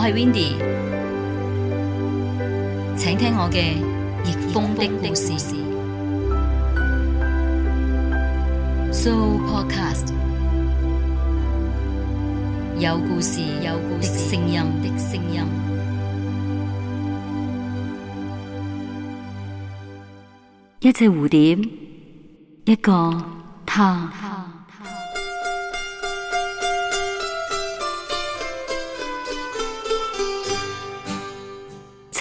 我係 Windy，請聽我嘅逆風的故事。Sooo Podcast 有故事，有故事的聲音的聲音。一隻蝴蝶，一個他。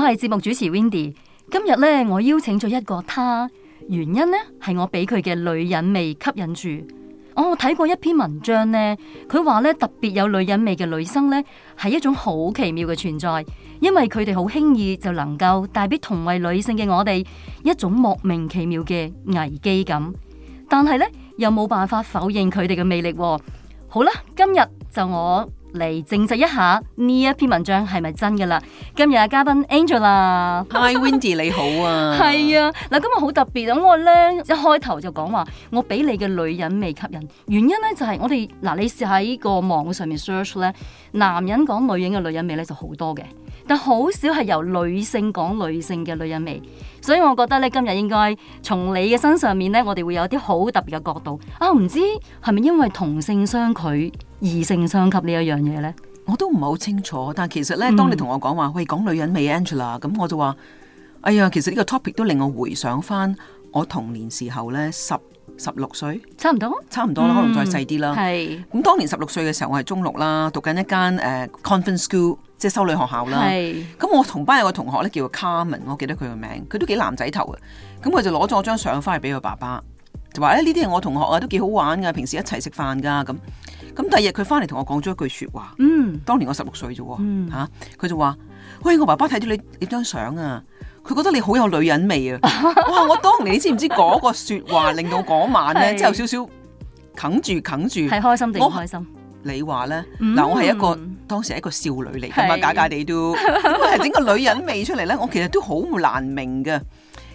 我係節目主持 Windy 今日咧我邀請咗一個她，原因呢係我俾佢嘅女人味吸引住，哦。我睇過一篇文章呢，佢話咧特別有女人味嘅女生呢係一種好奇妙嘅存在，因為佢哋好輕易就能夠帶俾同為女性嘅我哋一種莫名其妙嘅危機感，但係呢，又冇辦法否認佢哋嘅魅力，哦。好啦，今日就我。嚟證實一下呢一篇文章係咪真噶啦？今日嘅嘉賓 Angela Hi Wendy 你好啊，係 啊，嗱今日好特別，因為我咧一開頭就講話我俾你嘅女人味吸引，原因咧就係我哋嗱、啊，你試下喺個網上面 search 咧，男人講女人嘅女人味咧就好多嘅。但好少係由女性講女性嘅女人味，所以我覺得咧今日應該從你嘅身上面咧，我哋會有啲好特別嘅角度。啊、哦，唔知係咪因為同性相拒，異性相吸呢一樣嘢咧？我都唔係好清楚，但係其實咧，當你同我講話，嗯、喂，講女人味，Angela，咁我就話，哎呀，其實呢個 topic 都令我回想翻我童年時候咧，十十六歲，差唔多，差唔多啦，嗯、可能再細啲啦。係咁是當年十六歲嘅時候，我係中六啦，讀緊一間誒、uh, Convent School。即係修女學校啦，咁是、嗯、我同班有個同學咧叫做 Carmen，我記得佢個名，佢都幾男仔頭嘅，咁佢就攞咗我張相翻嚟俾佢爸爸，就話，誒呢啲係我同學啊，都幾好玩㗎，平時一齊食飯㗎，咁，咁第二日佢翻嚟同我講咗一句説話，嗯，當年我十六歲啫喎，佢、嗯嗯、就話，喂，我爸爸睇到你影張相啊，佢覺得你好有女人味啊，哇！我當年你知唔知嗰個説話令到嗰晚咧，有少少啃住啃住，係開心定唔開心？你話咧，嗱、嗯，嗯、我係一個。當時係一個少女嚟㗎嘛，假假是地都都係整個女人味出嚟咧。我其實都好難明嘅，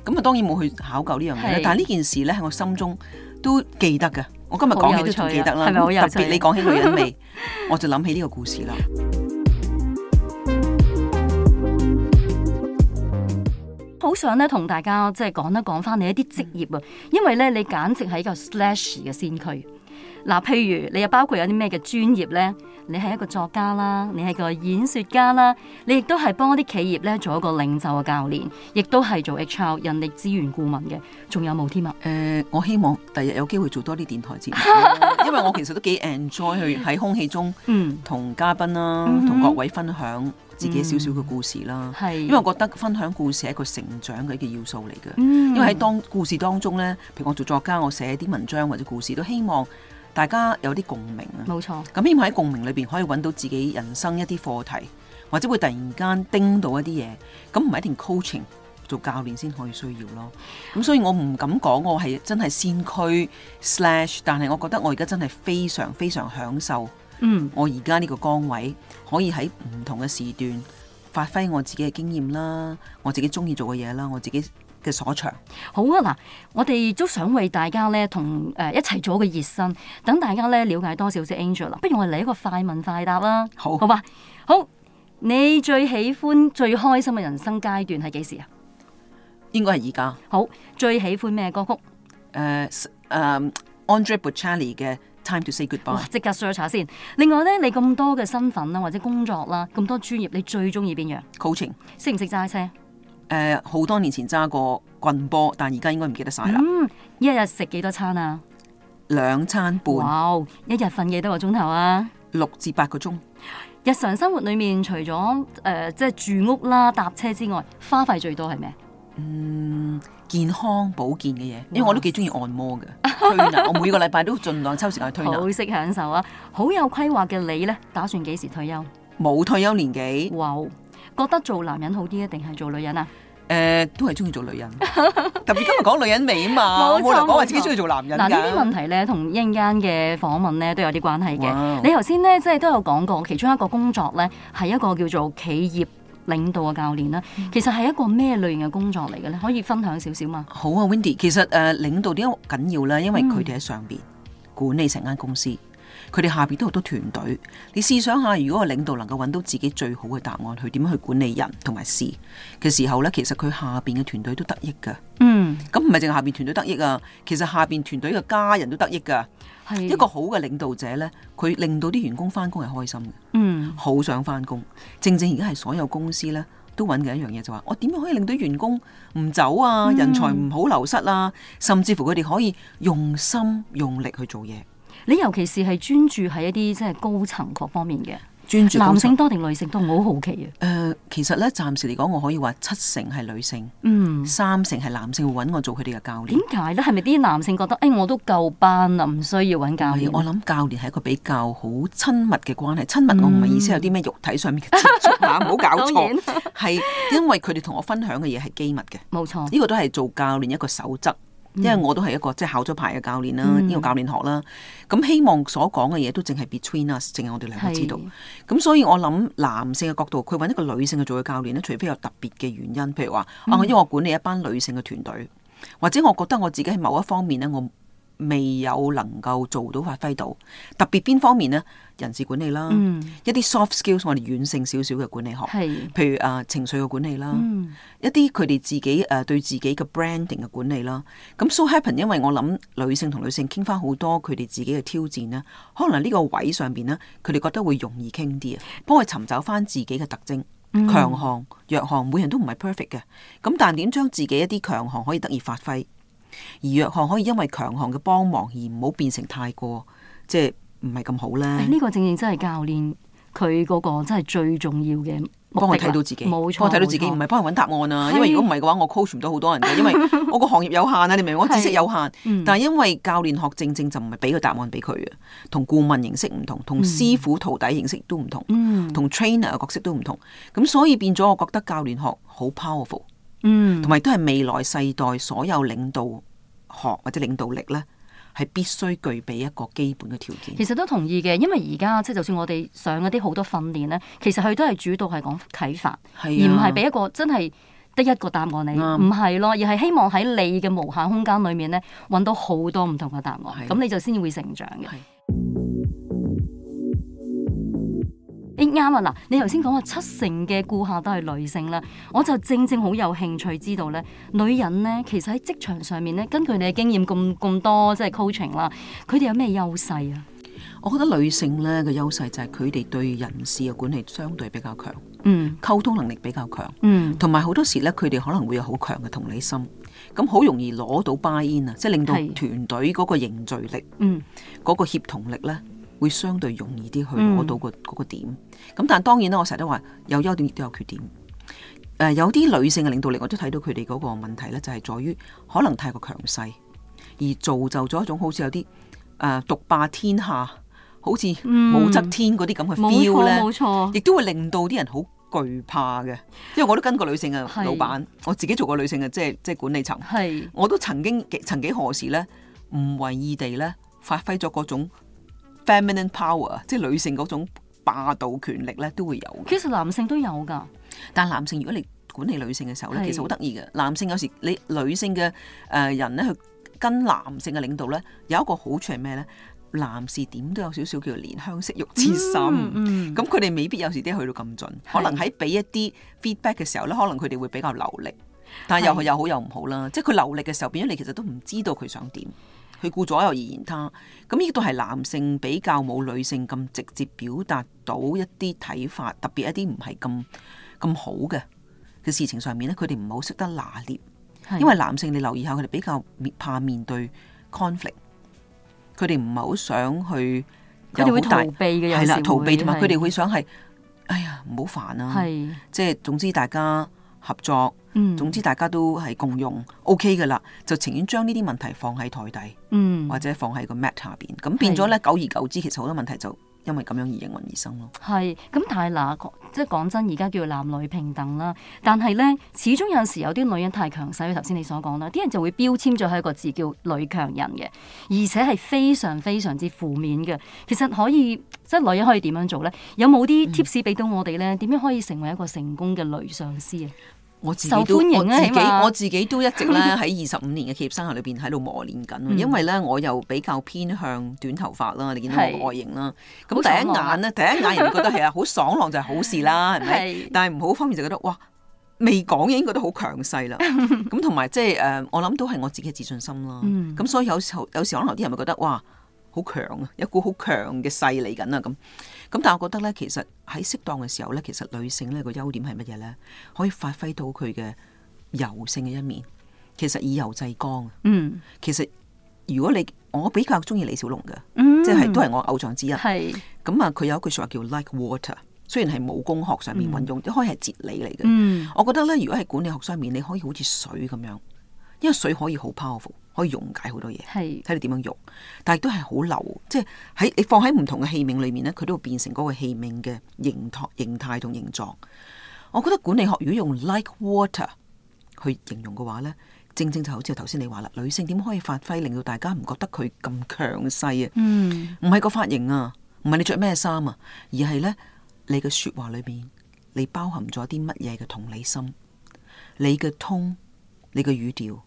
咁啊當然冇去考究呢樣嘢。但係呢件事咧，喺是我心中都記得嘅。我今日講起都仲記得啦，係咪好有趣？特別你講起女人味， 我就諗起呢個故事啦。好想咧同大家即係講一講返你一啲職業啊，因為咧你簡直係一個 slash 嘅先驅。嗱，譬如你又包括有啲咩嘅專業呢？你係一個作家啦，你係個演說家啦，你亦都係幫一啲企業咧做一個領袖嘅教練，亦都係做 H R 人力資源顧問嘅，仲有冇添啊？誒、呃，我希望第日有機會做多啲電台節目、啊， 因為我其實都幾 enjoy 去喺空氣中，同嘉賓啦、啊，同、嗯、各位分享自己少少嘅故事啦、啊。嗯、因為我覺得分享故事係一個成長嘅一個要素嚟嘅。嗯、因為喺當故事當中呢，譬如我做作家，我寫啲文章或者故事，都希望，大家有啲共鳴啊，冇錯。咁因為喺共鳴裏邊可以揾到自己人生一啲課題，或者會突然間叮到一啲嘢，咁唔係一定 coaching 做教練先可以需要咯。咁所以我唔敢講我係真係先驅 slash，但係我覺得我而家真係非常非常享受，嗯，我而家呢個崗位可以喺唔同嘅時段發揮我自己嘅經驗啦，我自己中意做嘅嘢啦，我自己。嘅所長，好啊！嗱，我哋都想為大家咧同誒、呃、一齊做一個熱身，等大家咧了解多少少 Angela 啦。不如我哋嚟一個快問快答啦，好好吧？好，你最喜歡最開心嘅人生階段係幾時啊？應該係而家。好，最喜歡咩歌曲？誒誒、uh, um,，Andrea Bocelli 嘅《Time to Say Goodbye》。即刻 search 下先。另外咧，你咁多嘅身份啦、啊，或者工作啦、啊，咁多專業，你最中意邊樣？Coaching。識唔識揸車？誒，好、呃、多年前揸過棍波，但而家應該唔記得晒啦。嗯，一日食幾多餐啊？兩餐半。哇、wow, 一日瞓幾多個鐘頭啊？六至八個鐘。日常生活裏面，除咗誒，即、呃、係、就是、住屋啦、搭車之外，花費最多係咩？嗯，健康保健嘅嘢，因為我都幾中意按摩嘅推拿 我每個禮拜都盡量抽時間去推拿 好識享受啊！好有規劃嘅你呢，打算幾時退休？冇退休年紀。Wow. 覺得做男人好啲啊，定係做女人啊？誒，都係中意做女人，特別今日講女人味啊 嘛，冇冇講話自己中意做男人。嗱、啊，呢啲問題咧，同一應間嘅訪問咧都有啲關係嘅。Wow. 你頭先咧，即係都有講過，其中一個工作咧係一個叫做企業領導嘅教練啦。其實係一個咩類型嘅工作嚟嘅咧？可以分享少少嘛？好啊，Windy，其實誒、呃，領導點解緊要咧？因為佢哋喺上邊管理成間公司。嗯佢哋下邊都好多團隊，你試想下，如果個領導能夠揾到自己最好嘅答案，去點樣去管理人同埋事嘅時候呢？其實佢下邊嘅團隊都得益噶。嗯，咁唔係淨係下邊團隊得益啊，其實下邊團隊嘅家人都得益噶。是一個好嘅領導者呢，佢令到啲員工翻工係開心嘅。嗯，好想翻工。正正而家係所有公司呢都揾嘅一樣嘢，就是，就話我點樣可以令到員工唔走啊，嗯、人才唔好流失啊，甚至乎佢哋可以用心用力去做嘢。你尤其是係專注喺一啲即係高層各方面嘅，注男性多定女性多？我好好奇啊！誒、呃，其實咧暫時嚟講，我可以話七成係女性，嗯，三成係男性會揾我做佢哋嘅教練。點解咧？係咪啲男性覺得誒、哎、我都夠班啦，唔需要揾教練？我諗教練係一個比較好親密嘅關係，親密我唔係意思有啲咩肉體上面嘅接觸啊！唔好搞錯，係 了因為佢哋同我分享嘅嘢係機密嘅，冇錯。呢個都係做教練一個守則。因為我都係一個即係、就是、考咗牌嘅教練啦，呢個教練學啦，咁、嗯、希望所講嘅嘢都淨係 between us，淨係我哋兩個知道。咁是所以我諗男性嘅角度，佢揾一個女性去做嘅教練咧，除非有特別嘅原因，譬如話啊，因為我管理一班女性嘅團隊，或者我覺得我自己喺某一方面咧，我，未有能夠做到發揮到，特別邊方面呢？人事管理啦，嗯、一啲 soft skills，我哋軟性少少嘅管理學，是譬如啊、呃、情緒嘅管理啦，嗯、一啲佢哋自己誒、呃、對自己嘅 branding 嘅管理啦。咁 so happen，因為我諗女性同女性傾翻好多佢哋自己嘅挑戰啦。可能呢個位上邊呢，佢哋覺得會容易傾啲啊，幫佢尋找翻自己嘅特徵、強項、嗯、弱項，每人都唔係 perfect 嘅，咁但點將自己一啲強項可以得以發揮？而弱項可以因為強項嘅幫忙而唔好變成太過，即係唔係咁好咧。呢、哎這個正正真係教練佢嗰個真係最重要嘅、啊，幫佢睇到自己，幫佢睇到自己，唔係幫佢揾答案啊。是因為如果唔係嘅話，我 coach 唔到好多人嘅，因為我個行業有限啊，你明唔明？我知識有限，嗯、但係因為教練學正正就唔係俾個答案俾佢啊。同顧問形式唔同，同師傅徒弟形式都唔同，同、嗯、trainer 嘅角色都唔同。咁所以變咗，我覺得教練學好 powerful。嗯，同埋都係未來世代所有領導學或者領導力咧，係必須具備一個基本嘅條件。其實都同意嘅，因為而家即係就算我哋上嗰啲好多訓練咧，其實佢都係主導係講啟發，啊、而唔係俾一個真係得一個答案你，唔係、啊、咯，而係希望喺你嘅無限空間裡面咧，搵到好多唔同嘅答案，咁、啊、你就先至會成長嘅。啱啊！嗱、欸，你頭先講話七成嘅顧客都係女性啦，我就正正好有興趣知道咧，女人咧其實喺職場上面咧，根據你嘅經驗咁咁多即係 coaching 啦，佢哋有咩優勢啊？我覺得女性咧嘅優勢就係佢哋對人事嘅管理相對比較強，嗯，溝通能力比較強，嗯，同埋好多時咧佢哋可能會有好強嘅同理心，咁好、嗯、容易攞到 buy in 啊，即係令到團隊嗰個凝聚力，的嗯，嗰、嗰個協同力咧。會相對容易啲去攞到個嗰個點，咁、嗯、但係當然咧，我成日都話有優點亦都有缺點。誒、呃，有啲女性嘅領導力，我都睇到佢哋嗰個問題咧，就係、是、在於可能太過強勢，而造就咗一種好似有啲誒獨霸天下，好似武則天嗰啲咁嘅 feel 咧，冇錯、嗯，亦都會令到啲人好懼怕嘅。因為我都跟過女性嘅老闆，是我自己做過女性嘅，即係即係管理層，係是，我都曾經曾幾何時咧，唔為意地咧，發揮咗嗰種。Feminine power，即係女性嗰種霸道權力咧，都會有。其實男性都有㗎，但係男性如果你管理女性嘅時候咧，是其實好得意嘅。男性有時你女性嘅誒、呃、人咧，去跟男性嘅領導咧，有一個好處係咩咧？男士點都有少少叫做憐香惜玉之心，咁佢哋未必有時啲去到咁盡是可，可能喺俾一啲 feedback 嘅時候咧，可能佢哋會比較流力，但係又係又好又唔好啦。是即係佢流力嘅時候，變咗你其實都唔知道佢想點。佢顧左右而言他，咁亦都係男性比較冇女性咁直接表達到一啲睇法，特別一啲唔係咁咁好嘅嘅事情上面咧，佢哋唔好識得拿捏，是因為男性你留意下佢哋比較怕面對 conflict，佢哋唔係好想去有，佢哋會逃避嘅，係啦，逃避同埋佢哋會想係，哎呀唔好煩啊，係是即係總之大家。合作，嗯，總之大家都係共用，O K 噶啦，就情願將呢啲問題放喺台底，嗯，或者放喺個 mat 下邊，咁變咗咧，係，久而久之，其實好多問題就因為咁樣而應運而生咯。係，咁但係嗱，即係講真，而家叫男女平等啦，但係咧，始終有陣時有啲女人太強勢，好似頭先你所講啦，啲人就會標籤咗喺一個字叫女強人嘅，而且係非常非常之負面嘅。其實可以，即係女人可以點樣做咧？有冇啲 tips 俾到我哋咧？嗯，點樣可以成為一個成功嘅女上司啊？受歡迎咧，係嘛？我自己都一直咧喺二十五年嘅企業生涯裏邊喺度磨練緊，因為咧我又比較偏向短頭髮啦，你見到我個外形啦。咁第一眼咧，第一眼人覺得係啊，好爽朗就係好事啦，係咪？但係唔好方面就覺得哇，未講已經覺得好強勢啦。咁同埋即係誒，我諗都係我自己嘅自信心啦。咁所以有時候有時可能啲人咪覺得哇，好強啊，一股好強嘅勢嚟緊啊咁。咁但係我覺得咧，其實喺適當嘅時候咧，其實女性咧個優點係乜嘢咧？可以發揮到佢嘅柔性嘅一面。其實以柔制剛。嗯，其實如果你我比較中意李小龍嘅，嗯、即係都係我偶像之一。係咁啊，佢、嗯、有一句說話叫 like water。雖然係武功學上面運用，都可以係哲理嚟嘅。嗯、我覺得咧，如果係管理學上面，你可以好似水咁樣，因為水可以好 powerful。可以溶解好多嘢，睇是你點樣溶，但係都係好流，即係喺你放喺唔同嘅器皿裏面咧，佢都會變成嗰個器皿嘅形態、形態同形狀。我覺得管理學如果用 like water 去形容嘅話咧，正正就好似頭先你話啦，女性點可以發揮令到大家唔覺得佢咁強勢啊？嗯，唔係個髮型啊，唔係你着咩衫啊，而係咧你嘅說話裏面，你包含咗啲乜嘢嘅同理心，你嘅 tone，你嘅語調，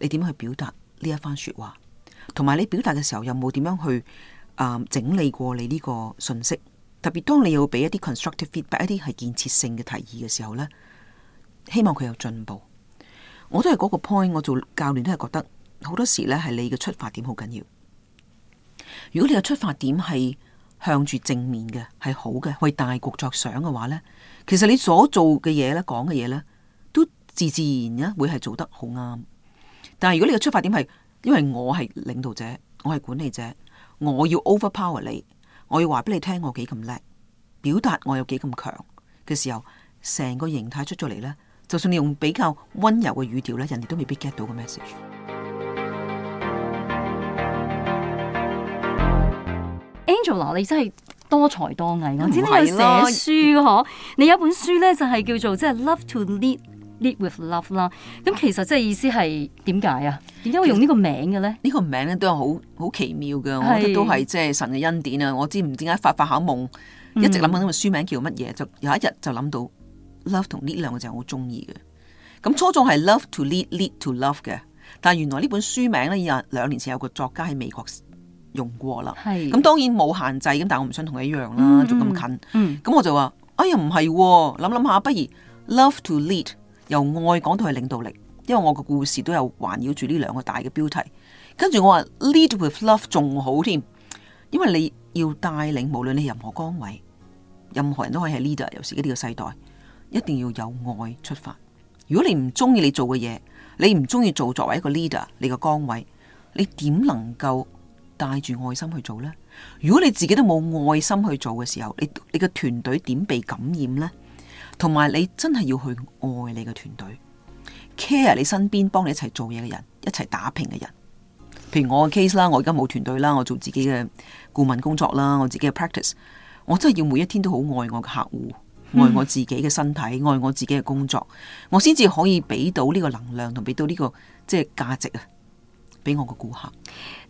你點去表達？呢一番說話，同埋你表達嘅時候，有冇點樣去啊、呃、整理過你呢個信息？特別當你要俾一啲 constructive feedback，一啲係建設性嘅提議嘅時候呢，希望佢有進步。我都係嗰個 point，我做教練都係覺得好多時呢，係你嘅出發點好緊要。如果你嘅出發點係向住正面嘅，係好嘅，為大局着想嘅話呢，其實你所做嘅嘢呢，講嘅嘢呢，都自自然然啊，會係做得好啱。但係如果你嘅出發點係，因為我係領導者，我係管理者，我要 overpower 你，我要話俾你聽我幾咁叻，表達我有幾咁強嘅時候，成個形態出咗嚟咧，就算你用比較溫柔嘅語調咧，人哋都未必 get 到個 message。Angela，你真係多才多藝，我知你又寫書嘅嗬，你有本書咧就係叫做即係 Love to Lead。Lead with love 啦、嗯，咁其實即係意思係點解啊？點解我用呢個名嘅咧？呢個名咧都有好好奇妙嘅，是我覺得都係即係神嘅恩典啊！我知唔知點解發發下夢，嗯、一直諗諗諗個書名叫乜嘢？就有一日就諗到 love 同 lead 兩個字好中意嘅。咁初中係 love to lead lead to love 嘅，但係原來呢本書名咧，有兩年前有個作家喺美國用過啦。係咁是，當然冇限制咁，但我唔想同佢一樣啦，仲咁、嗯、近。嗯、咁、嗯、我就話：哎呀、哦，唔係諗諗下，不如 love to lead。由愛講到係領導力，因為我個故事都有環繞住呢兩個大嘅標題。跟住我話，lead with love 仲好添，因為你要帶領，無論你任何崗位，任何人都可以係 leader。尤其是呢個世代，一定要有愛出發。如果你唔中意你做嘅嘢，你唔中意做作為一個 leader，你個崗位，你點能夠帶住愛心去做呢？如果你自己都冇愛心去做嘅時候，你你個團隊點被感染呢？同埋，你真係要去愛你嘅團隊，care 你身邊幫你一齊做嘢嘅人，一齊打拼嘅人。譬如我嘅 case 啦，我而家冇團隊啦，我做自己嘅顧問工作啦，我自己嘅 practice，我真係要每一天都好愛我嘅客戶，愛我自己嘅身體，嗯、愛我自己嘅工作，我先至可以俾到呢個能量同俾到呢、這個即係價值啊！俾我個顧客，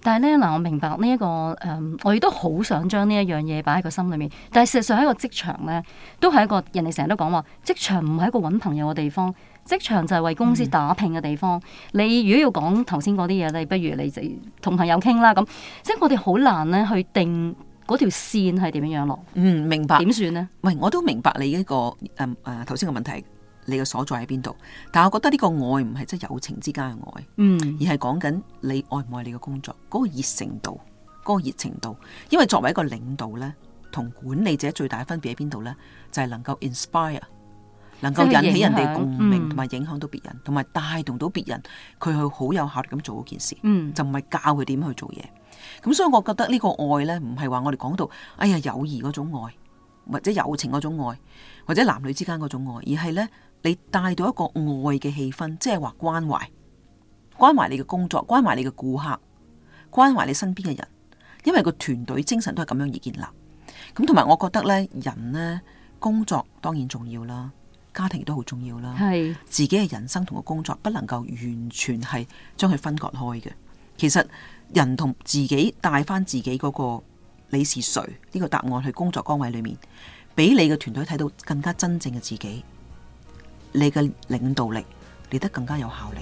但係咧嗱，我明白呢個誒、嗯，我亦都好想將呢一樣嘢擺喺個心裏面。但係事實上喺個職場咧，都係一個人哋成日都講話，職場唔係一個揾朋友嘅地方，職場就係為公司打拼嘅地方。嗯、你如果要講頭先嗰啲嘢，你不如你同朋友傾啦。咁即係我哋好難咧去定嗰條線係點樣樣囉。嗯，明白。點算呢？喂，我都明白你呢個誒誒頭先嘅問題。你嘅所在喺邊度？但我覺得呢個愛唔係即係友情之間嘅愛，嗯、而係講緊你愛唔愛你嘅工作嗰、那個熱誠度，嗰、那個熱誠度。因為作為一個領導呢，同管理者最大嘅分別喺邊度呢？就係、是、能夠 inspire，能夠引起人哋共鳴，同埋影響到別人，同埋帶動到別人，佢去好有效率咁做件事，嗯、就唔係教佢點去做嘢。咁所以我覺得呢個愛呢，唔係話我哋講到，哎呀，友誼嗰種愛，或者友情嗰種愛，或者男女之間嗰種愛，而係呢。你帶到一個愛嘅氣氛，即係話關懷關懷你嘅工作，關懷你嘅顧客，關懷你身邊嘅人，因為個團隊精神都係咁樣而建立。咁同埋，我覺得咧，人呢，工作當然重要啦，家庭亦都好重要啦，係是自己嘅人生同個工作不能夠完全係將佢分割開嘅。其實人同自己帶翻自己嗰個你是誰呢個答案，去工作崗位裏面俾你嘅團隊睇到更加真正嘅自己，你嘅領導力嚟得更加有效力。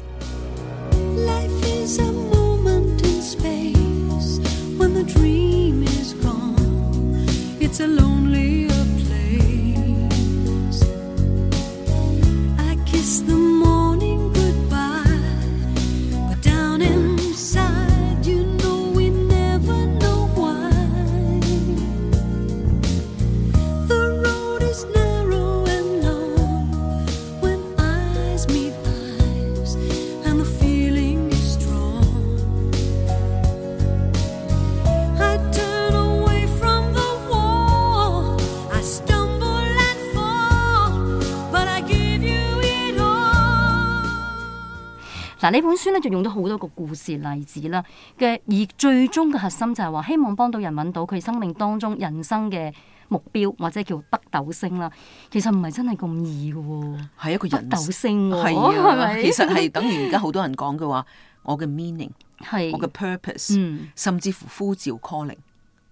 嗱，呢本書咧就用咗好多個故事例子啦，嘅而最終嘅核心就係話希望幫到人搵到佢生命當中人生嘅目標或者叫北斗星啦。其實唔係真係咁易㗎喎，係一個人北斗星喎、喔，係咪、啊？吧其實係等於而家好多人講嘅話，我嘅 meaning 係我嘅 purpose，甚至乎呼召 calling。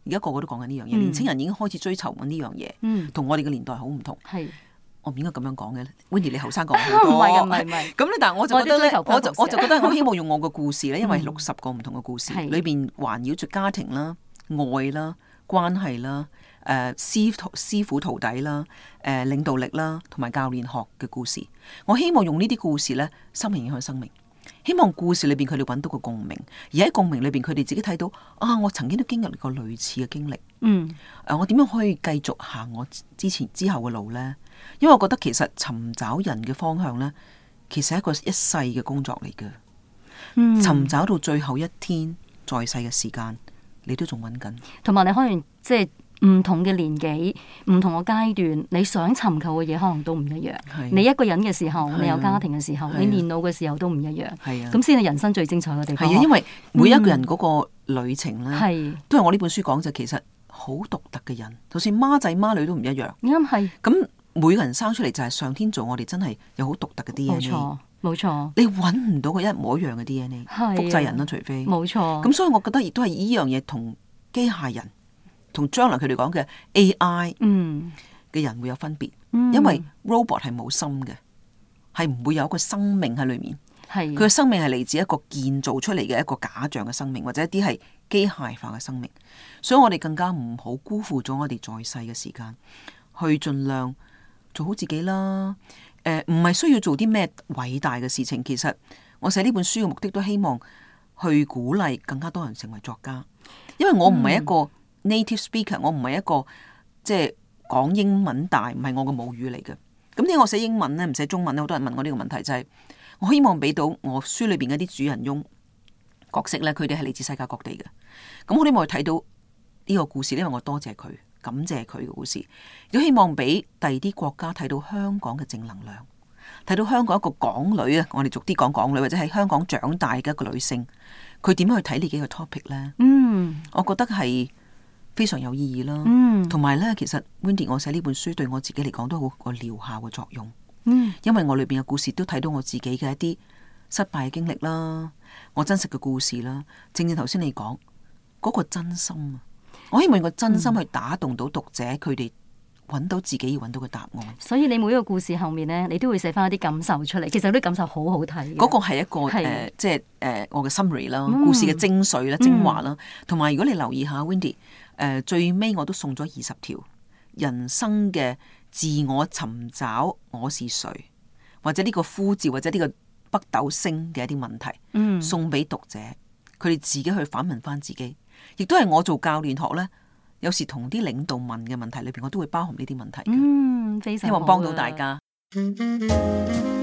而家個個都講緊呢樣嘢，嗯、年青人已經開始追求緊呢樣嘢，同、嗯、我哋嘅年代好唔同。係是。我唔應該咁樣講嘅，Winnie 你後生講好多，唔係、唔係、唔係，咁咧 但係我就覺得咧，我，我就我就覺得我希望用我個故事咧， 因為六十個唔同嘅故事裏邊環繞住家庭啦、愛啦、關係啦、誒、呃、師徒、師傅徒弟啦、誒、呃、領導力啦，同埋教練學嘅故事，我希望用呢啲故事咧，生命影響生命。希望故事裏邊佢哋揾到個共鳴，而喺共鳴裏邊佢哋自己睇到啊，我曾經都經歷過類似嘅經歷，嗯，誒、呃，我點樣可以繼續行我之前之後嘅路呢？因為我覺得其實尋找人嘅方向呢，其實係一個一世嘅工作嚟嘅，嗯，尋找到最後一天在世嘅時間，你都仲揾緊，同埋你可能即係。唔同嘅年紀，唔同嘅階段，你想尋求嘅嘢可能都唔一樣。你、啊啊啊、一個人嘅時候，你有家庭嘅時候，你年老嘅時候都唔一樣。咁先係人生最精彩嘅地方。係啊，因為每一個人嗰個旅程咧，mm、都係我呢本書講就其實好獨特嘅人，就算孖仔孖女都唔一樣。啱咁每個人生出嚟就係上天做我哋真係有好獨特嘅 DNA。冇錯，你揾唔到佢一模一樣嘅 DNA，複製人啦，除非冇錯。咁所以我覺得亦都係呢樣嘢同機械人。沒錯 同將來佢哋講嘅 AI 嘅人會有分別，嗯、因為 robot 係冇心嘅，係唔會有一個生命喺裏面。係佢嘅生命係嚟自一個建造出嚟嘅一個假象嘅生命，或者一啲係機械化嘅生命。所以我哋更加唔好辜負咗我哋在世嘅時間，去盡量做好自己啦。誒、呃，唔係需要做啲咩偉大嘅事情。其實我寫呢本書嘅目的都希望去鼓勵更加多人成為作家，因為我唔係一個。嗯 Native speaker，我唔係一個即係講英文大，唔係我嘅母語嚟嘅。咁點解我寫英文咧，唔寫中文咧？好多人問我呢個問題，就係、是、我希望俾到我書裏邊嗰啲主人翁角色咧，佢哋係嚟自世界各地嘅。咁我希望去睇到呢個故事，因為我多謝佢，感謝佢嘅故事，亦希望俾第二啲國家睇到香港嘅正能量，睇到香港一個港女啊！我哋逐啲講港女，或者喺香港長大嘅一個女性，佢點樣去睇呢幾個 topic 咧？嗯，mm. 我覺得係。非常有意義啦，同埋咧，其實 Wendy，我寫呢本書對我自己嚟講都好個療效嘅作用，嗯、因為我裏邊嘅故事都睇到我自己嘅一啲失敗嘅經歷啦，我真實嘅故事啦，正正頭先你講嗰、嗰個真心啊，我希望用個真心去打動到讀者，佢哋揾到自己要揾到嘅答案。所以你每一個故事後面咧，你都會寫翻一啲感受出嚟，其實啲感受好好睇。嗰個係一個即係誒我嘅 summary 啦，嗯、故事嘅精髓啦、精華啦，同埋、嗯、如果你留意下 Wendy。最尾我都送咗二十條人生嘅自我尋找我是誰，或者呢個呼召或者呢個北斗星嘅一啲問題，送俾讀者，佢哋自己去反問翻自己，亦都係我做教練學呢，有時同啲領導問嘅問題裏邊，我都會包含呢啲問題嘅，嗯，希望幫到大家。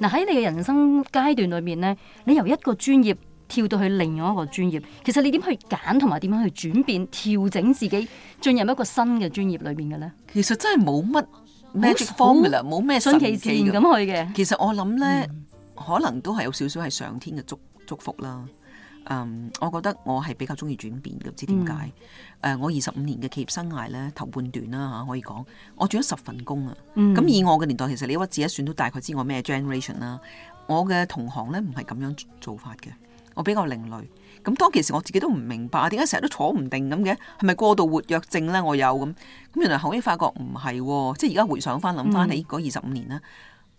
嗱喺你嘅人生階段裏面，咧，你由一個專業跳到去另外一個專業，其實你點去揀同埋點樣去轉變調整自己進入一個新嘅專業裏面嘅咧？其實真係冇乜 magic formula，冇咩順其自然咁去嘅。其實我諗咧，嗯、可能都係有少少係上天嘅祝祝福啦。嗯，um, 我覺得我係比較中意轉變嘅，唔知點解。誒，mm. uh, 我二十五年嘅企業生涯咧，頭半段啦、啊、嚇，可以講我轉咗十份工啊。咁、mm. 以我嘅年代，其實你屈指一算都大概知我咩 generation 啦。我嘅同行咧唔係咁樣做法嘅，我比較另類。咁當其時我自己都唔明白，點解成日都坐唔定咁嘅？係咪過度活躍症咧？我有咁咁，原來後尾發覺唔係喎，即係而家回想翻，諗翻起嗰二十五年咧，mm.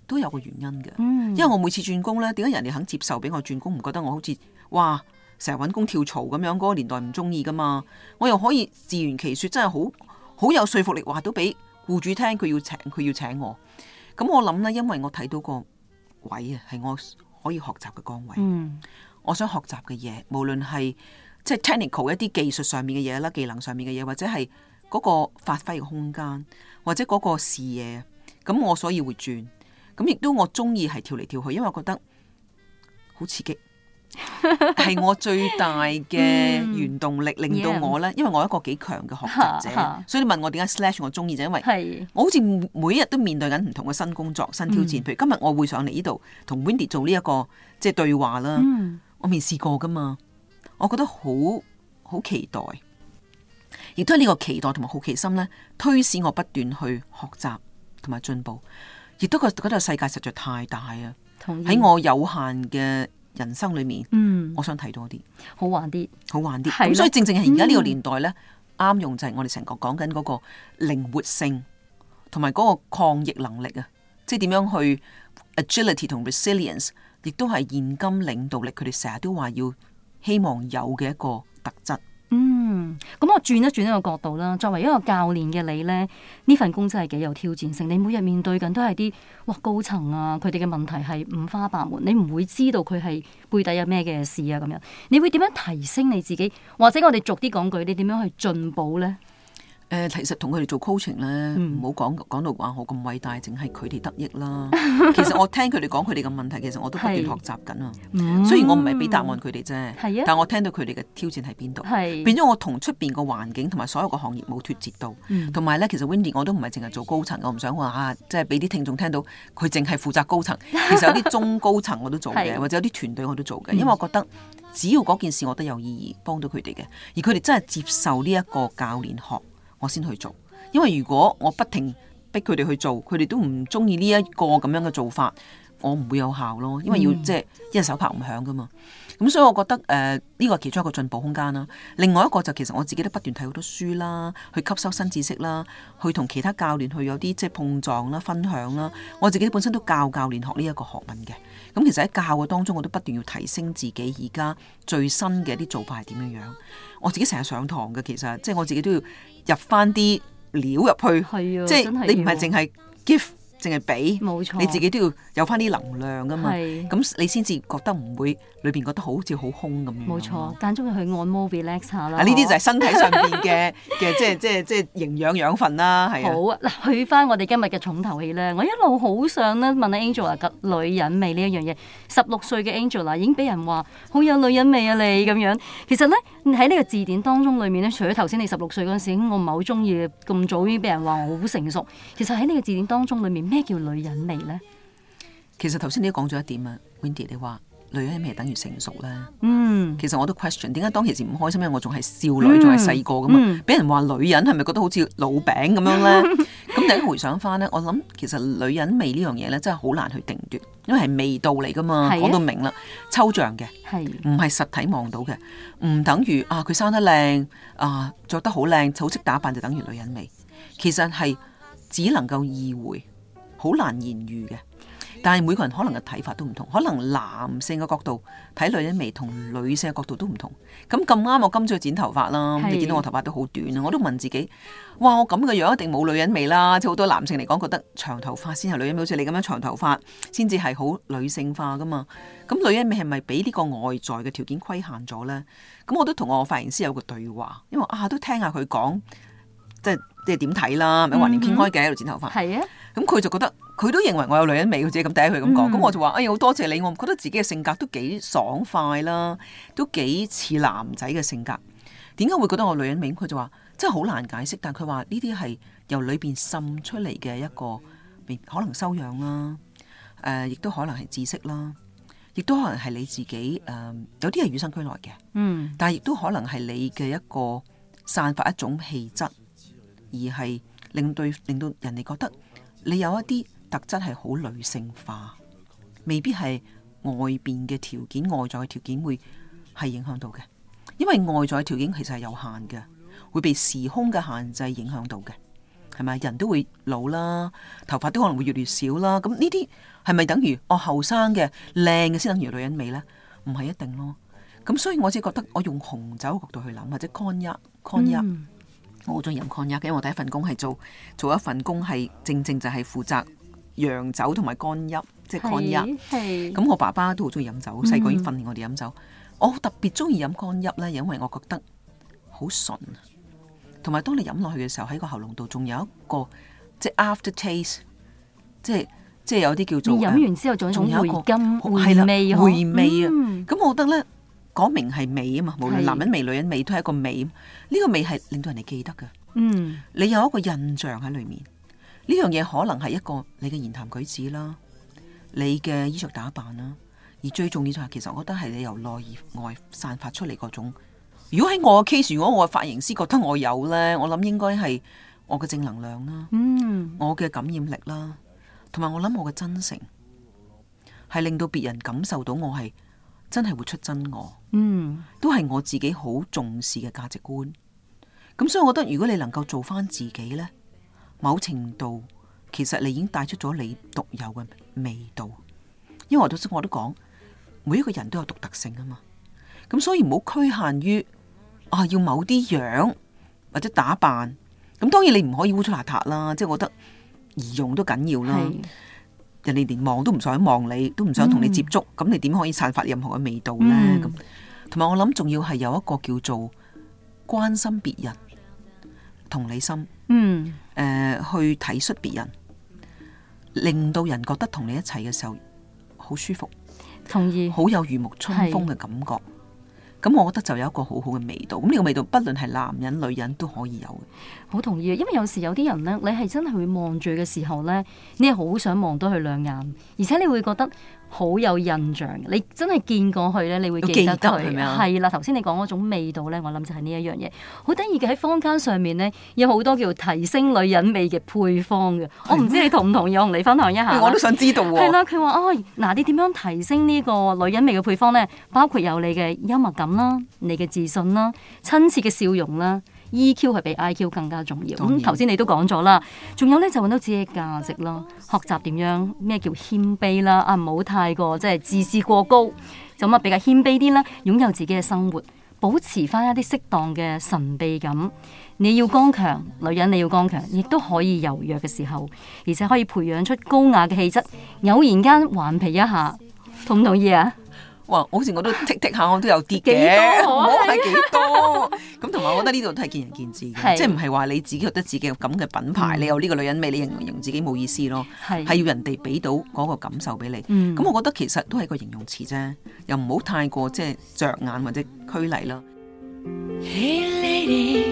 都有個原因嘅。Mm. 因為我每次轉工咧，點解人哋肯接受俾我轉工，唔覺得我好似哇？成日揾工跳槽咁樣，嗰個年代唔中意噶嘛，我又可以自圓其說，真係好好有說服力，話到俾僱主聽佢要請佢要請我。咁我諗呢，因為我睇到個位啊，係我可以學習嘅崗位，嗯，我想學習嘅嘢，無論係即係 technical 一啲技術上面嘅嘢啦，技能上面嘅嘢，或者係嗰個發揮嘅空間，或者嗰個視野，咁我所以會轉。咁亦都我中意係跳嚟跳去，因為我覺得好刺激。係 我最大嘅原動力，嗯、令到我咧，嗯、因為我係一個幾強嘅學習者，所以你問我點解 Slash 我中意者，因為我好似每一日都面對緊唔同嘅新工作、新挑戰。譬、嗯、如今日我會上嚟呢度同 Windy 做呢、這、一個即係、就是、對話啦，嗯、我未試過噶嘛，我覺得好好期待，亦都係呢個期待同埋好奇心咧，推使我不斷去學習同埋進步。亦都覺得個世界實在太大啊，喺意我有限嘅。人生裏面，嗯，我想睇多啲，好玩啲，好玩啲。咁的所以正正係而家呢個年代呢，嗯，啱用就係我哋成個講緊嗰個靈活性，同埋嗰個抗逆能力啊，即係點樣去 agility 同 resilience，亦都係現今領導力，佢哋成日都話要希望有嘅一個特質。咁、嗯、我轉一轉呢個角度啦，作為一個教練嘅你呢，呢份工作真係幾有，有挑戰性。你每日面對緊都係啲哇高層啊，佢哋嘅問題係五花八門，你唔會知道佢係背底有咩嘅事啊咁樣。你會點樣提升你自己，或者我哋逐啲講句，你點樣去進步呢？誒、呃，其實同佢哋做 coaching 咧，唔好講講到話我咁偉大，淨係佢哋得益啦。 其實我聽佢哋講佢哋嘅問題，其實我都不斷學習緊啊。是雖然我唔係俾答案佢哋啫，啊、但我聽到佢哋嘅挑戰喺邊度，是變咗我同出面個環境同埋所有個行業冇脫節到。同埋咧，其實 Windy 我都唔係淨係做高層，我唔想話啊，即係俾啲聽眾聽到佢淨係負責高層。其實有啲中高層我都做嘅， 是或者有啲團隊我都做嘅，因為我覺得只要嗰件事我都有意義幫到佢哋嘅。而佢哋真係接受呢一個教練學。我先去做，因為如果我不停逼佢哋去做，佢哋都唔中意呢一個咁樣嘅做法，我唔會有效咯。因為要、嗯、即係一手拍唔響噶嘛。咁、嗯、所以我覺得誒、呢、呃這個係其中一個進步空間啦。另外一個就是、其實我自己都不斷睇好多書啦，去吸收新知識啦，去同其他教練去有啲即係碰撞啦、分享啦。我自己本身都教教練學呢一個學問嘅。咁、嗯、其實喺教嘅當中，我都不斷要提升自己。而家最新嘅一啲做法係點樣樣？我自己成日上堂嘅，其實即係我自己都要入翻啲料入去，係呀，即係你唔係淨係 give。淨係俾，冇錯，錯你自己都要有翻啲能量啊嘛，咁是你先至覺得唔會裏邊覺得好似好空咁樣錯。冇錯吧，但中意去按摩 relax 下啦。呢啲就係身體上邊嘅嘅即係即係即係營養養分啦，係好啊，嗱、啊，去翻我哋今日嘅重頭戲咧，我一路好想咧問阿 Angela 嘅女人味呢一樣嘢。十六歲嘅 Angela 已經俾人話好有女人味啊你咁樣。其實咧喺呢個字典當中裏面咧，除咗頭先你十六歲嗰陣時，我唔係好中意咁早已經俾人話我好成熟。其實喺呢個字典當中裏面。咩叫女人味呢？其實頭先你都講咗一點啊，Windy 你話女人味等於成熟咧。嗯，其實我都 question，點解當其時唔開心，因為我仲係少女，仲係細個噶嘛，俾、嗯、人話女人係咪覺得好似老餅咁樣咧？咁突然回想翻咧，我諗其實女人味呢樣嘢咧，真係好難去定奪，因為係味道嚟噶嘛，講到、啊、明啦，抽象嘅，係唔係實體望到嘅，唔等於啊佢生得靚啊着得好靚，好識打扮就等於女人味。其實係只能夠意會。好難言喻嘅，但係每個人可能嘅睇法都唔同，可能男性嘅角度睇女人味同女性嘅角度都唔同。咁咁啱我今朝去剪頭髮啦，的你見到我頭髮都好短啊，我都問自己：哇，我咁嘅樣一定冇女人味啦。即係好多男性嚟講，覺得長頭髮先係女人味，好似你咁樣長頭髮先至係好女性化噶嘛。咁女人味係咪俾呢個外在嘅條件規限咗咧？咁我都同我髮型師有個對話，因為啊，都聽下佢講，即係即係點睇啦？咪橫掂傾開嘅喺度剪頭髮，係啊、嗯。咁佢就覺得佢都認為我有女人味，佢只係咁第一，佢咁講咁我就話：哎，好多謝你，我覺得自己嘅性格都幾爽快啦，都幾似男仔嘅性格。點解會覺得我女人味？佢就話真係好難解釋，但佢話呢啲係由裏邊滲出嚟嘅一個，可能修養啦，誒、呃，亦都可能係知識啦，亦都可能係你自己誒、呃，有啲係與生俱來嘅，嗯、但係亦都可能係你嘅一個散發一種氣質，而係令對令到人哋覺得。你有一啲特質係好女性化，未必係外邊嘅條件、外在嘅條件會係影響到嘅，因為外在嘅條件其實係有限嘅，會被時空嘅限制影響到嘅，係咪？人都會老啦，頭髮都可能會越嚟越少啦，咁呢啲係咪等於我後生嘅靚嘅先等於女人味呢？唔係一定咯。咁所以我只係覺得我用紅酒角度去諗，或者抗壓抗壓。我中意飲乾邑嘅，因為我第一份工係做做一份工係正正就係負責洋酒同埋乾邑，即係乾邑。咁我爸爸都好中意飲酒，細個已經訓練我哋飲酒。嗯、我特別中意飲乾邑咧，因為我覺得好純，同埋當你飲落去嘅時候喺個喉嚨度仲有一個即係 after taste，即係即係有啲叫做飲完之後仲有，有一個回甘，回味回味啊！咁、嗯、我覺得咧。講明係美啊嘛，無論男人美女人美，都係一個美。呢個美係令到人哋記得嘅。嗯，你有一個印象喺裏面，呢樣嘢可能係一個你嘅言談舉止啦，你嘅衣着打扮啦，而最重要就係，其實我覺得係你由內而外散發出嚟嗰種。如果喺我嘅 case，如果我嘅髮型師覺得我有呢，我諗應該係我嘅正能量啦，嗯，我嘅感染力啦，同埋我諗我嘅真誠，係令到別人感受到我係。真係活出真我，嗯，都係我自己好重視嘅價值觀。咁所以我覺得如果你能夠做翻自己呢，某程度其實你已經帶出咗你獨有嘅味道。因為我頭先我都講每一個人都有獨特性啊嘛，咁所以唔好局限於啊要某啲樣或者打扮。咁當然你唔可以污糟邋遢啦，即係我覺得儀容都緊要啦。人哋連望都唔想望你，都唔想同你接觸，咁、嗯、你點可以散發任何嘅味道呢？同埋、嗯、我諗，仲要係有一個叫做關心別人、同理心，嗯，誒、呃，去體恤別人，令到人覺得同你一齊嘅時候好舒服，同意，好有如沐春風嘅感覺。咁我覺得就有一個好好嘅味道，咁呢個味道，不論係男人女人都可以有嘅。好同意，因為有時有啲人呢，你係真係會望住嘅時候呢，你係好想望到佢兩眼，而且你會覺得。好有印象，你真係見過佢咧，你會記得佢。係啦，頭先你講嗰種味道咧，我諗就係呢一樣嘢。好得意嘅，喺坊間上面咧，有好多叫提升女人味嘅配方嘅。我唔知你同唔同意，我同你分享一下。哎、我都想知道喎、啊。係啦，佢話，哎，嗱，你點樣提升呢個女人味嘅配方咧？包括有你嘅幽默感啦，你嘅自信啦，親切嘅笑容啦。EQ 係比 IQ 更加重要。咁頭先你都講咗啦，仲有呢，就揾到自己嘅價值啦，學習點樣咩叫謙卑啦，啊唔好太過即係自視過高，咁啊比較謙卑啲啦，擁有自己嘅生活，保持翻一啲適當嘅神秘感。你要剛強，女人你要剛強，亦都可以柔弱嘅時候，而且可以培養出高雅嘅氣質。偶然間頑皮一下，同唔同意啊？哇！我好似我都 tick tick 下，我都有跌嘅，唔好睇幾多。咁同埋我覺得呢度都係見仁見智嘅， 即係唔係話你自己覺得自己有咁嘅品牌，嗯、你有呢個女人味，你形容自己冇意思咯。係、嗯，要人哋俾到嗰個感受俾你。咁、嗯、我覺得其實都係個形容詞啫，又唔好太過即係着眼或者拘禮啦。Hey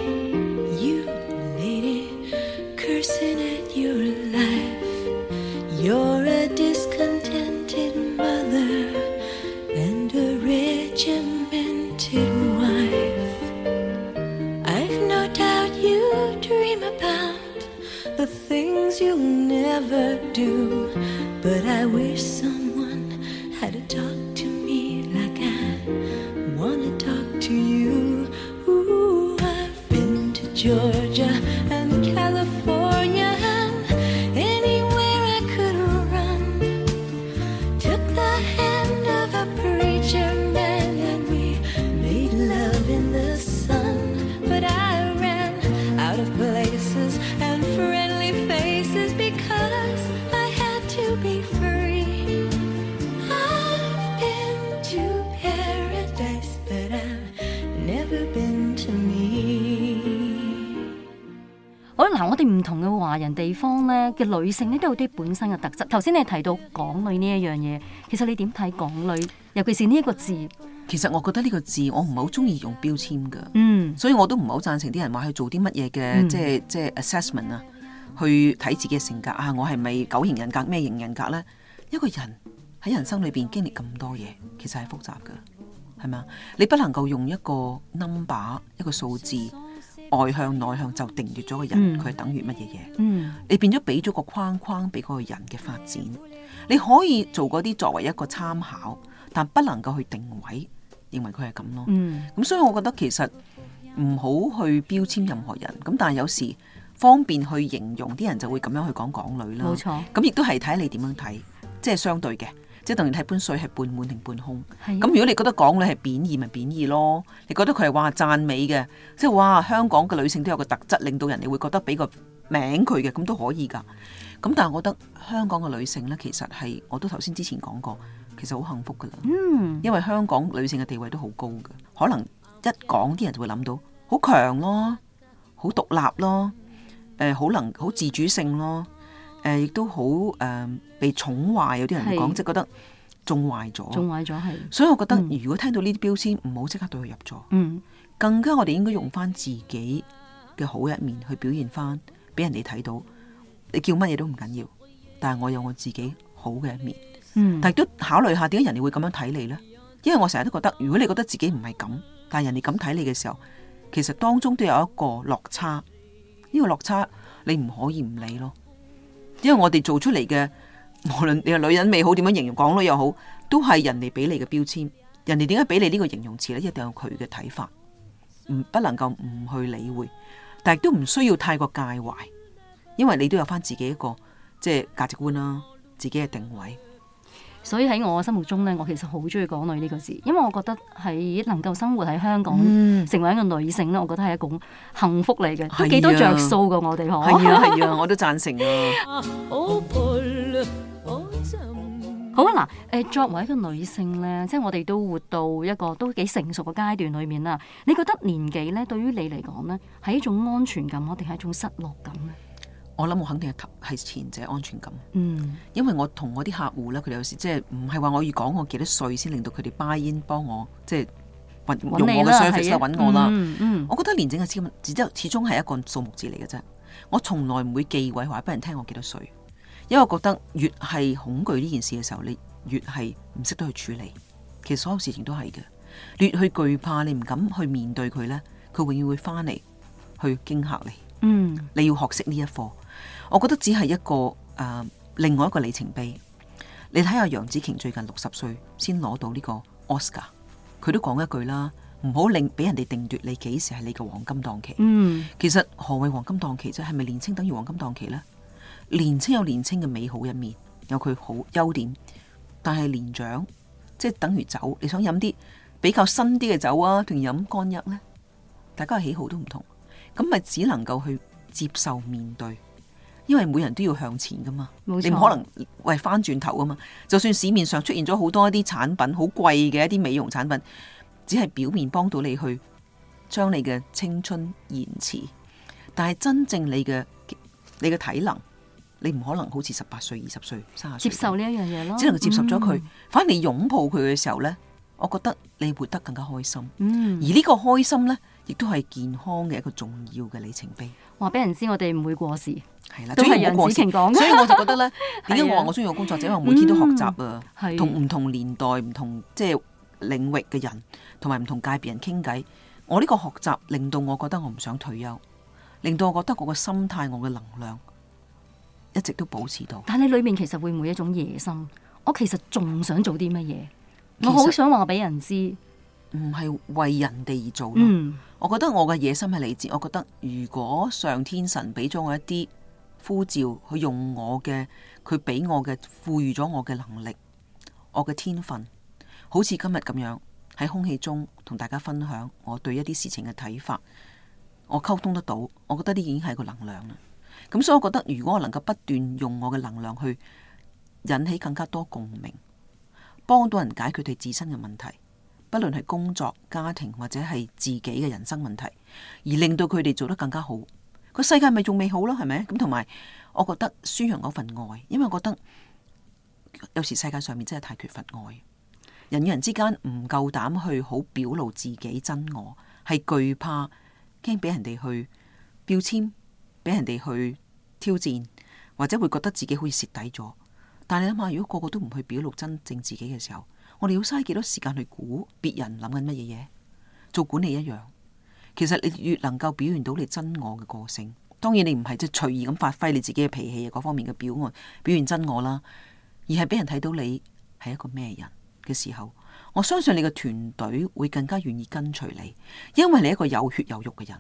嘅女性呢都有啲本身嘅特質。頭先你提到港女呢一樣嘢，其實你點睇港女？尤其是呢一個字。其實我覺得呢個字我唔係好鍾意用標籤㗎。嗯，所以我都唔係好贊成啲人話去做啲乜嘢嘅，即係即係 assessment 啊，去睇自己嘅性格啊，我係咪九型人格咩型人格咧？一個人喺人生裏邊經歷咁多嘢，其實係複雜㗎，係嘛？你不能夠用一個 number 一個數字。外向內向就定奪咗個人，佢係、嗯、等於乜嘢嘢？嗯、你變咗俾咗個框框俾嗰個人嘅發展，你可以做嗰啲作為一個參考，但不能夠去定位，認為佢係咁咯。咁、嗯、所以我覺得其實唔好去標籤任何人。咁但係有時方便去形容啲人就會咁樣去講港女啦。冇錯錯，咁亦都係睇你點樣睇，即係相對嘅。即係等於睇杯水係半滿定半空，咁、啊、如果你覺得港女係貶義咪貶義咯，你覺得佢係話讚美嘅，即、就、係、是、哇香港嘅女性都有個特質，令到人哋會覺得俾個名佢嘅咁都可以㗎。咁但係我覺得香港嘅女性咧，其實係我都頭先之前講過，其實好幸福㗎啦，嗯、因為香港女性嘅地位都好高㗎，可能一講啲人就會諗到好強咯，好獨立咯，誒好能好自主性咯。誒，亦都好誒、呃，被寵壞，有啲人講，是即覺得縱壞咗，縱壞咗係。所以，我覺得、嗯、如果聽到呢啲標籤，唔好即刻對佢入座。嗯、更加我哋應該用翻自己嘅好嘅一面去表現翻，俾人哋睇到。你叫乜嘢都唔緊要，但係我有我自己好嘅一面。嗯、但係都考慮下點解人哋會咁樣睇你呢？因為我成日都覺得，如果你覺得自己唔係咁，但係人哋咁睇你嘅時候，其實當中都有一個落差。呢、呢個落差你唔可以唔理咯。因為我哋做出嚟嘅，無論你係女人味好點樣形容，港女又好，都係人哋俾你嘅標籤。人哋點解俾你呢個形容詞呢？一定有佢嘅睇法，唔不，不能夠唔去理會，但係都唔需要太過介懷，因為你都有翻自己一個即係價值觀啦，自己嘅定位。所以喺我心目中咧，我其實好中意港女呢個字，因為我覺得係能夠生活喺香港，嗯、成為一個女性咧，我覺得係一種幸福嚟嘅，係幾、啊、多着數噶？我哋可係啊，我都贊成啊！好啊嗱，誒、呃、作為一個女性咧，即係我哋都活到一個都幾成熟嘅階段裏面啦。你覺得年紀咧對於你嚟講咧，係一種安全感，定係一種失落感啊？我諗我肯定係係前者安全感。嗯，因為我同我啲客戶咧，佢哋有時即係唔係話我要講我幾多歲，先令到佢哋 buy in 幫我，即係用我嘅 service，搵我啦，嗯嗯、我覺得年整係始，始終係一個數目字嚟嘅啫。我從來唔會忌諱或俾人聽我幾多歲，因為我覺得越係恐懼呢件事嘅時候，你越係唔識得去處理，其實所有事情都係嘅，越去懼怕，你唔敢去面對佢咧，佢永遠會翻嚟去驚嚇你，嗯、你要學識呢一課。我覺得只係一個誒、呃，另外一個里程碑。你睇下楊紫瓊最近六十歲先攞到呢個 Oscar。佢都講一句啦，唔好令俾人哋定奪你幾時係你個黃金檔期。嗯，其實何謂黃金檔期啫、就是，係咪年青等於黃金檔期呢？年青有年青嘅美好一面，有佢好優點，但係年長即係、就是、等於酒。你想飲啲比較新啲嘅酒啊，定飲干邑呢？大家喜好都唔同，咁咪只能夠去接受面對。因為每人都要向前噶嘛，冇錯，你唔可能為翻轉頭噶嘛。就算市面上出現咗好多一啲產品，好貴嘅一啲美容產品，只係表面幫到你去將你嘅青春延遲，但係真正你嘅你嘅體能，你唔可能好似十八歲、二十歲、卅歲接受呢一樣嘢咯，只能接受咗佢。嗯，反而你擁抱佢嘅時候呢，我覺得你活得更加開心。嗯，而呢個開心呢，亦都係健康嘅一個重要嘅里程碑。話俾人知我哋唔會過時，係啦，都係楊子晴講，所以我就覺得咧，點解、 啊、我話我鍾意個工作者，因為我每天都學習啊，同唔、嗯、同年代、唔、啊、同即係領域嘅人，同埋唔同界別人傾偈，我呢個學習令到我覺得我唔想退休，令到我覺得我個心態、我嘅能量一直都保持到。但係裏面其實會唔會一種野心，我其實仲想做啲乜嘢，實我好想話俾人知。唔係為人哋而做咯，mm. 我覺得我嘅野心係嚟自，我覺得如果上天神俾咗我一啲呼召，去用我嘅佢俾我嘅賦予咗我嘅能力，我嘅天分，好似今日咁樣喺空氣中同大家分享我對一啲事情嘅睇法，我溝通得到，我覺得呢已經係個能量啦。咁所以我覺得如果我能夠不斷用我嘅能量去引起更加多共鳴，幫到人解決佢自身嘅問題。不論係工作、家庭或者係自己嘅人生問題，而令到佢哋做得更加好，個世界咪仲未好咯？係咪？咁同埋，我覺得宣揚嗰份愛，因為我覺得有時世界上面真係太缺乏愛，人與人之間唔夠膽去好表露自己真我，係懼怕驚俾人哋去標籤，俾人哋去挑戰，或者會覺得自己好似蝕底咗。但係你諗下，如果個個都唔去表露真正自己嘅時候，我哋要嘥幾多時間去估別人諗緊乜嘢嘢？做管理一樣，其實你越能夠表現到你真我嘅個性，當然你唔係即係隨意咁發揮你自己嘅脾氣啊，嗰方面嘅表愛表現真我啦，而係俾人睇到你係一個咩人嘅時候，我相信你嘅團隊會更加願意跟隨你，因為你一個有血有肉嘅人。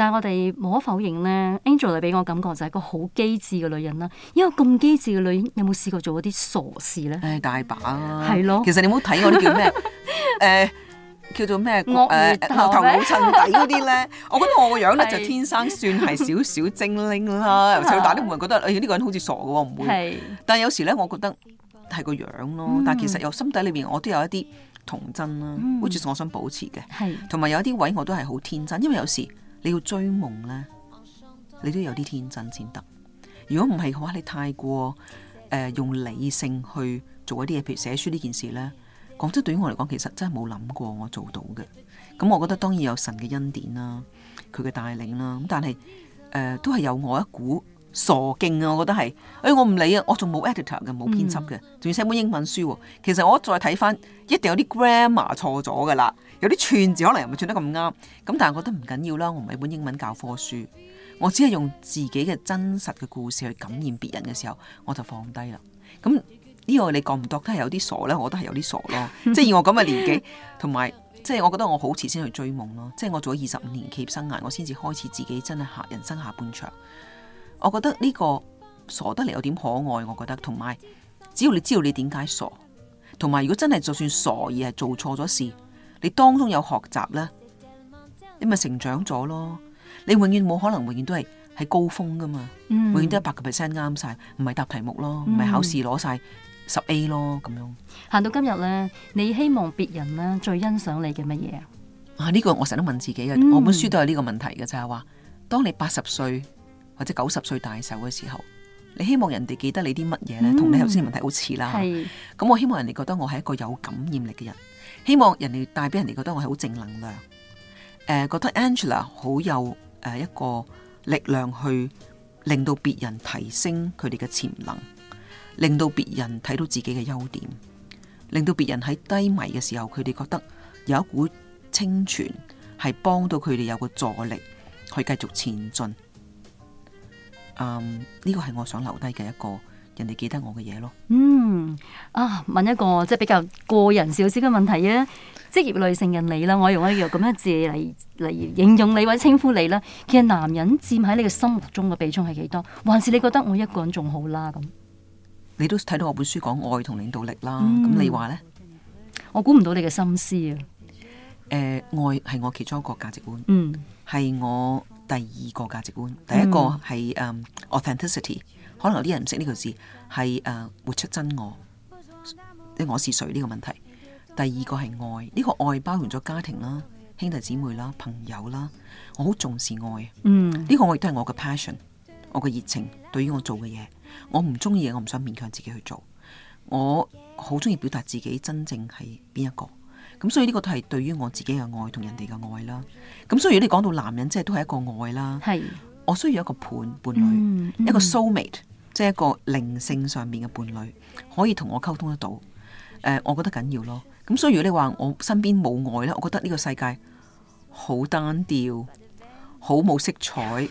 但係我哋無可否認咧，Angela Lee 俾我感覺就係一個好機智嘅女人啦。一個咁機智嘅女人，有冇試過做一啲傻事咧、哎？大把、啊。係是咯。其實你冇睇我啲叫咩？誒、 呃，叫做咩？誒、呃，頭頭好襯底嗰啲咧。我覺得我個樣咧就天生 算係少少精靈啦，又或者但啲人覺得呢、哎呢個人好似傻嘅喎，唔會。是但係有時咧，我覺得係個樣咯。但係其實由心底裏邊，我都有一啲童真啦 which is 我想保持嘅。同埋有啲位我都係好天真，因為有時。你要追夢咧，你都有啲天真先得。如果唔係嘅話，你太過誒、呃、用理性去做一啲嘢，譬如寫書呢件事咧，講真對於我嚟講，其實真係冇諗過我做到嘅。咁我覺得當然有神嘅恩典啦，佢嘅帶領啦。咁但係誒都係有我一股傻勁啊！我覺得係，哎我唔理啊，我仲冇 editor 嘅，冇編輯嘅，仲要寫本英文書。其實我再睇返，一定有啲 grammar 錯咗㗎喇。有啲串字可能又咪串得咁啱，咁但係我覺得唔緊要啦。我唔係一本英文教科書，我只係用自己嘅真實嘅故事去感染別人嘅時候，我就放低啦。咁呢、這個你覺唔覺得，都係有啲傻咧？我都係有啲傻咯， 即係以我咁嘅年紀，同埋即係我覺得我好遲先去追夢咯。即係我做咗二十五年企業生涯，我先至開始自己真係人生下半場。我覺得呢、這個傻得嚟有點可愛，我覺得同埋只要你知道你點解傻，同埋如果真係就算傻而係做錯咗事。你當中有學習咧，你咪成長咗咯。你永遠冇可能，永遠都係喺高峰噶嘛。嗯、永遠都一百個 percent 啱晒，唔係答題目咯，唔係、嗯、考試攞晒，十 A 咯咁樣。行到今日咧，你希望別人咧最欣賞你嘅乜嘢啊？啊，呢個我成日都問自己嘅，嗯、我本書都有呢個問題嘅就係、是、話，當你八十歲或者九十歲大壽嘅時候，你希望人哋記得你啲乜嘢咧？同、嗯、你頭先嘅問題好似啦。係是，咁我希望人哋覺得我係一個有感染力嘅人。希望人哋帶俾人哋覺得我係好正能量，誒、呃，覺得 Angela 好有、呃、一個力量去令到別人提升佢哋嘅潛能，令到別人睇到自己嘅優點，令到別人喺低迷嘅時候，佢哋覺得有一股清泉係幫到佢哋有個助力去繼續前進。呢、嗯，呢個係我想留低嘅一個，人哋記得我嘅嘢咯。嗯啊，問一個即係比較個人少少嘅問題啊。職業女性人你啦，我用一個咁樣嘅字嚟嚟形容你，或者稱呼你啦。其實男人佔喺你嘅心目中嘅比重係幾多？還是你覺得我一個人仲好啦？咁你都睇到我本書講愛同領導力啦。咁、嗯、你話呢？我估唔到你嘅心思啊。誒、呃，愛係我其中一個價值觀。嗯，係我第二個價值觀。第一個係誒 authenticity。嗯 um, 可能有啲人唔識呢個字，係誒活出真我」。即我是誰呢個問題。第二個係愛，呢、這個愛包含咗家庭啦、兄弟姊妹啦、朋友啦。我好重視愛，嗯，呢個我亦都係我嘅 passion，我嘅熱情對於我做嘅嘢。我唔中意嘢，我唔想勉強自己去做。我好中意表達自己真正係邊一個，咁所以呢個都係對於我自己嘅愛同人哋嘅愛啦。咁所以如果你講到男人，即係都係一個愛啦。係是，我需要一個伴伴侶，嗯嗯、一個 soulmate 即係一個靈性上面嘅伴侶，可以同我溝通得到，誒、呃，我覺得緊要咯。咁所以如果你話我身邊冇愛咧，我覺得呢個世界好單調，好冇色彩，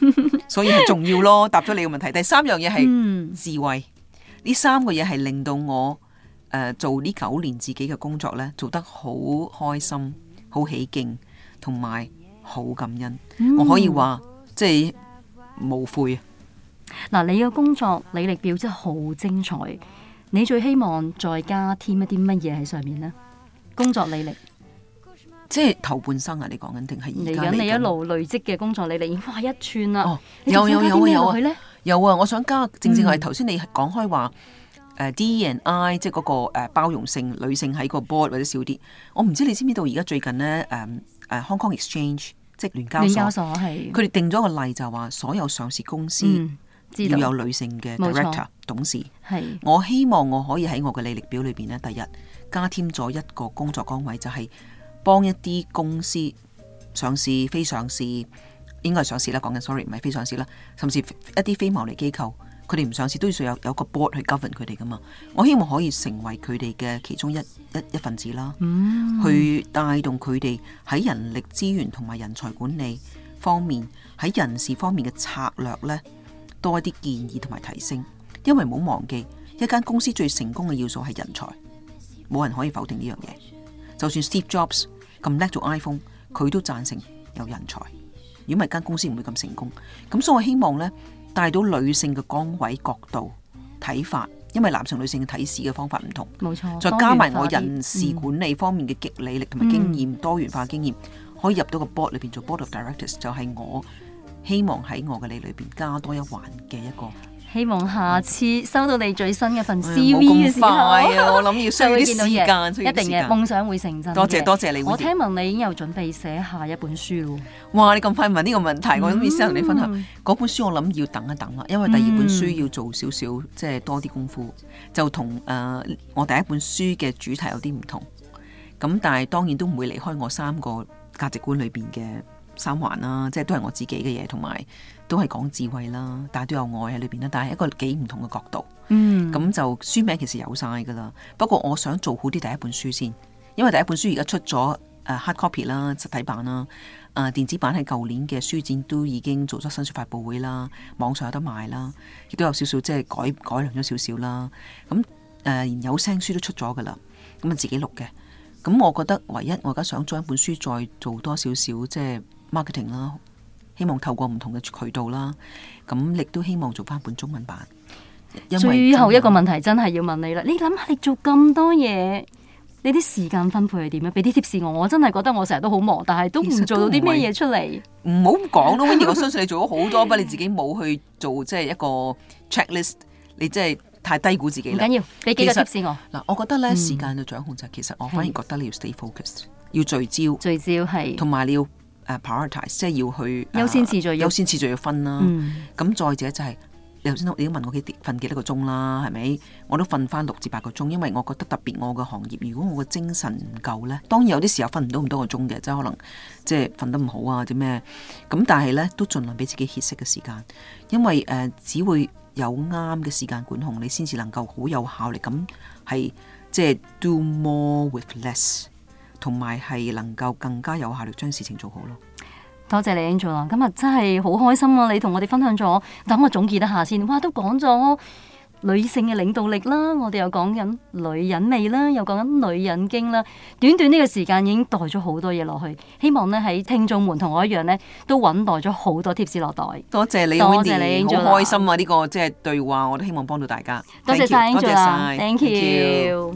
所以係重要咯。答咗你個問題。 第三樣嘢係智慧，呢、嗯、三個嘢係令到我誒、呃、做呢九年自己嘅工作咧，做得好開心、好起勁，同埋好感恩。嗯、我可以話即係冇悔。嗱，你嘅工作履歷表真係好精彩，你最希望再加添一啲乜嘢喺上面呢？工作履歷，即係頭半生啊！你講緊定係而家嚟緊，你一路累積嘅工作履歷，已經快一串啦、啊！有有有有，有啊！我想加，正正係頭先你講開話，誒、嗯 uh,，D and I，即係嗰個誒包容性女性喺個 board 或者少啲。我唔知你知唔知道，而家最近呢誒誒，Hong Kong Exchange 即係聯交所，佢哋定咗個例就話、是、所有上市公司。嗯要有女性嘅 director 錯董事，係是我希望我可以喺我嘅履歷表裏邊咧，第日加添咗一個工作崗位，就係、是、幫一啲公司上市、非上市，應該係上市啦。講緊 sorry 唔係非上市啦，甚至一啲非牟利機構，佢哋唔上市都要需要有有個 board 去 govern 佢哋噶嘛。我希望可以成為佢哋嘅其中一一一份子啦，嗯、去帶動佢哋喺人力資源同埋人才管理方面喺人事方面嘅策略咧。多一啲建議同埋提升，因為唔好忘記一間公司最成功嘅要素係人才，冇人可以否定呢樣嘢。就算 Steve Jobs 咁叻做 iPhone，佢都贊成有人才。如果唔係間公司唔會咁成功。咁所以我希望呢，帶到女性嘅崗位角度睇法，因為男性女性嘅睇事嘅方法唔同。冇錯，再加埋我人事管理方面嘅極理力同埋經驗、嗯、多元化經驗，可以入到個 board 裏邊做 board of directors，就係我。希望喺我嘅你裏邊加多一環嘅一個，希望下次收到你最新嘅份 CV 嘅時候我諗要需要啲時間，一,時一定嘅夢想會成真。多謝多謝你，我聽聞你已經有準備寫下一本書喎。哇！你咁快問呢個問題，嗯、我咁意思同你分享，嗰本書我諗要等一等啦，因為第二本書要做少少，即、就、係、是、多啲功夫，就同誒、uh, 我第一本書嘅主題有啲唔同。咁但係當然都唔會離開我三個價值觀裏邊嘅。三環啦、啊，即係都係我自己嘅嘢，同埋都係講智慧啦，但係都有愛喺裏邊啦。但係一個幾唔同嘅角度，嗯，咁就書名其實有晒噶啦。不過我想做好啲第一本書先，因為第一本書而家出咗誒 hard copy 啦，實體版啦，啊、呃、電子版喺舊年嘅書展都已經做咗新書發布會啦，網上有得賣啦，亦都有少少即係改改良咗少少啦。咁誒、呃、有聲書都出咗噶啦，咁啊自己錄嘅。咁我覺得唯一我而家想將一本書再做多少少即係。marketing 啦，希望透過唔同嘅渠道啦，咁亦都希望做翻本中文版。最後一個問題真係要問你啦，你諗下你做咁多嘢，你啲時間分配係點樣？俾啲 tips 我，我真係覺得我成日都好忙，但係都唔做到啲咩嘢出嚟。唔好講咯，Winny，我相信你做咗好多，不過 你自己冇去做，即係一個 checklist，你真係太低估自己。唔緊要，俾幾個 tips 我。嗱，我覺得咧時間嘅掌控就是嗯、其實我反而覺得你要 stay focused，要聚焦，聚焦係，同埋你要。誒、uh, prioritize 即係要去、uh, 優先次序，優先次序要分啦、啊。咁、mm. 嗯、再者就係頭先你都你問我幾瞓幾多個鐘啦，係咪？我都瞓翻六至八個鐘，因為我覺得特別我嘅行業，如果我嘅精神唔夠咧，當然有啲時候瞓唔到咁多個鐘嘅，即係可能即係瞓得唔好啊或者咩。咁但係咧都儘量俾自己歇息嘅時間，因為誒、呃、只會有啱嘅時間管控，你先至能夠好有效力咁係即係 do more with less。同埋係能夠更加有效力將事情做好咯。多謝你 Angela，今日真係好開心啊！你同我哋分享咗，等我總結得下先。哇，都講咗女性嘅領導力啦，我哋又講緊女人味啦，又講緊女人經啦。短短呢個時間已經代咗好多嘢落去。希望呢喺聽眾們同我一樣呢，都揾待咗好多貼士落袋。多謝你，多謝你，好 Windy 開心啊！呢 Angela、這個即係對話，我都希望幫到大家。多謝晒 Angela，Thank you。